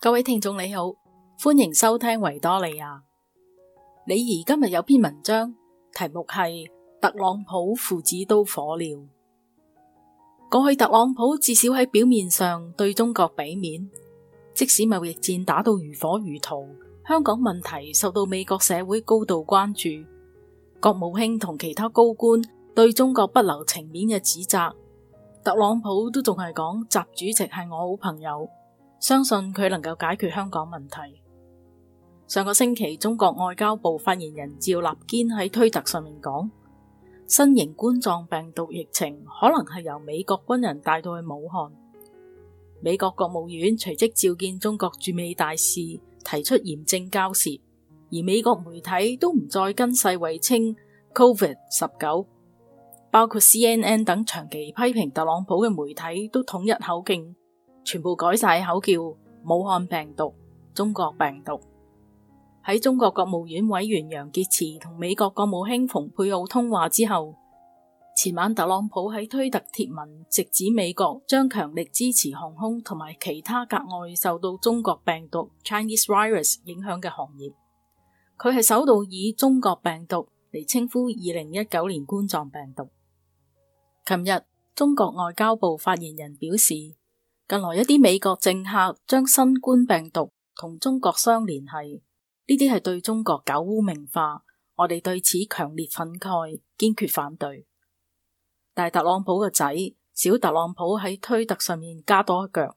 各位聽眾你好，歡迎收聽維多利亞。李怡今日有篇文章，題目係特朗普父子都火了。過去特朗普至少喺表面上對中國俾面，即使貿易戰打到如火如荼，香港問題受到美國社會高度關注，國務卿同其他高官對中國不留情面嘅指責，特朗普都仲係講習主席係我好朋友。相信佢能夠解決香港問題。上個星期，中國外交部發言人趙立堅喺推特上面講，新型冠狀病毒疫情可能係由美國軍人帶到去武漢。美國國務院隨即召見中國駐美大使，提出嚴正交涉。而美國媒體都唔再跟世衛稱 COVID 十九，包括 CNN 等長期批評特朗普嘅媒體都統一口徑。全部改晒口叫武漢病毒、中國病毒。喺中國國務院委員楊潔篪同美國國務卿蓬佩奧通話之後，前晚特朗普喺推特貼文，直指美國將強力支持航空同埋其他格外受到中國病毒 （Chinese Virus） 影響嘅行業。佢係首度以中國病毒嚟稱呼二零一九年冠狀病毒。琴日，中國外交部發言人表示。近來一啲美國政客，將新冠病毒同中國相聯繫，呢啲係對中國搞污名化，我哋對此強烈憤慨，堅決反對。大特朗普嘅仔小特朗普喺推特上面加多一腳，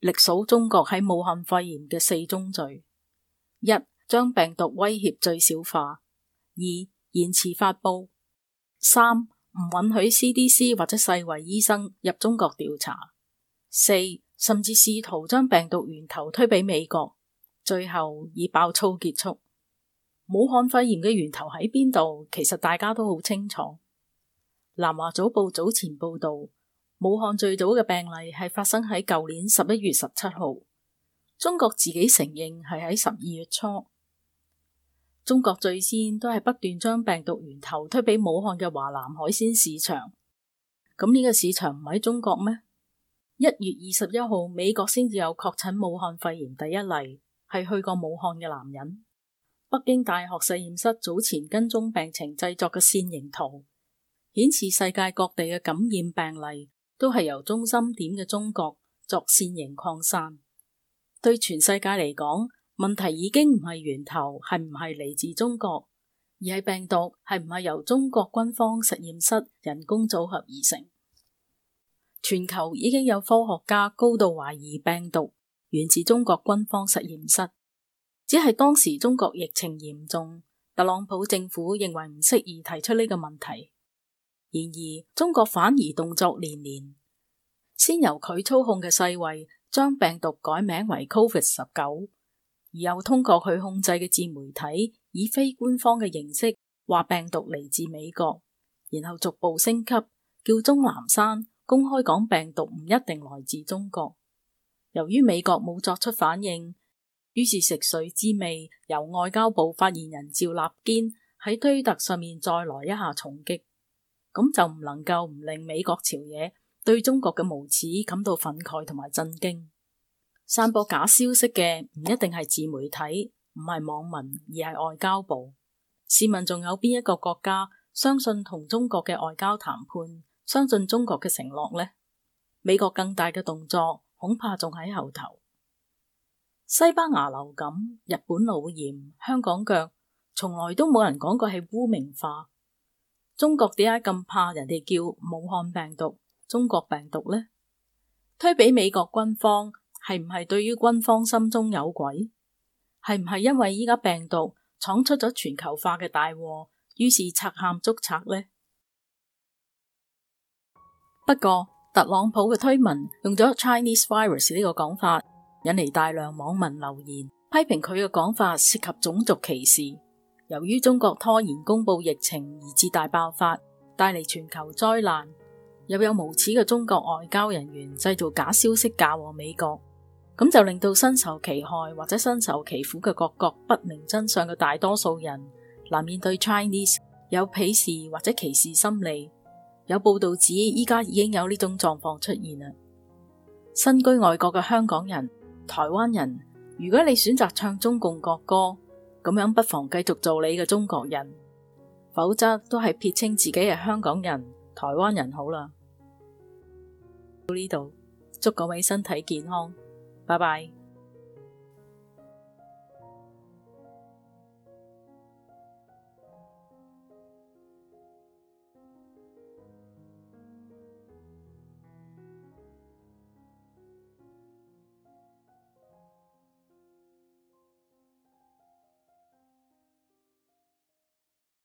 歷數中國喺武漢肺炎嘅四宗罪：一、將病毒威脅最小化；二、延遲發佈；三、唔允許 CDC 或者世衛醫生入中國調查。四、甚至試圖將病毒源頭推俾美國，最後以爆粗結束。武漢肺炎嘅源頭喺邊度？其實大家都好清楚。南華早報早前報道，武漢最早嘅病例係發生喺舊年十一月十七號。中國自己承認係喺十二月初。中國最先都係不斷將病毒源頭推俾武漢嘅華南海鮮市場。咁呢個市場唔喺中國咩？一月二十一號，美國先至有確診武漢肺炎第一例，係去過武漢嘅男人。北京大學實驗室早前跟蹤病情製作嘅線形圖，顯示世界各地嘅感染病例都係由中心點嘅中國作線形擴散。對全世界嚟講，問題已經唔係源頭係唔係嚟自中國，而係病毒係唔係由中國軍方實驗室人工組合而成。全球已經有科學家高度懷疑病毒源自中國軍方實驗室，只係當時中國疫情嚴重，特朗普政府認為唔適宜提出呢個問題。然而中國反而動作連連，先由佢操控嘅世衛將病毒改名為 Covid 十九，而又通過佢控制嘅自媒體以非官方嘅形式話病毒嚟自美國，然後逐步升級，叫鍾南山。公開講病毒唔一定來自中國，由於美國冇作出反應，於是食髓知味，由外交部發言人趙立堅喺推特上面再來一下重擊，咁就唔能夠唔令美國朝野對中國嘅無恥感到憤慨同埋震驚。散播假消息嘅唔一定係自媒體，唔係網民，而係外交部。試問仲有邊一個國家相信同中國嘅外交談判？相信中國嘅承諾呢，美國更大嘅動作恐怕仲喺後頭。西班牙流感、日本腦炎、香港腳，從來都冇人講過係污名化。中國點解咁怕人哋叫武漢病毒、中國病毒呢？推俾美國軍方係唔係對於軍方心中有鬼？係唔係因為依家病毒闖出咗全球化嘅大禍，於是賊喊捉賊呢？不過特朗普嘅推文用咗 Chinese virus 呢個講法，引嚟大量網民留言批評佢嘅講法涉及種族歧視。由於中國拖延公布疫情而致大爆發，帶嚟全球災難，又有無恥嘅中國外交人員製造假消息嫁禍美國，咁就令到身受其害或者身受其苦嘅各國不明真相嘅大多數人，難免對 Chinese 有鄙視或者歧視心理。有報道指，依家已經有呢種狀況出現啦。身居外國嘅香港人、台灣人，如果你選擇唱中共國歌，咁樣不妨繼續做你嘅中國人，否則都係撇清自己係香港人、台灣人好啦。到呢度，祝各位身體健康，拜拜。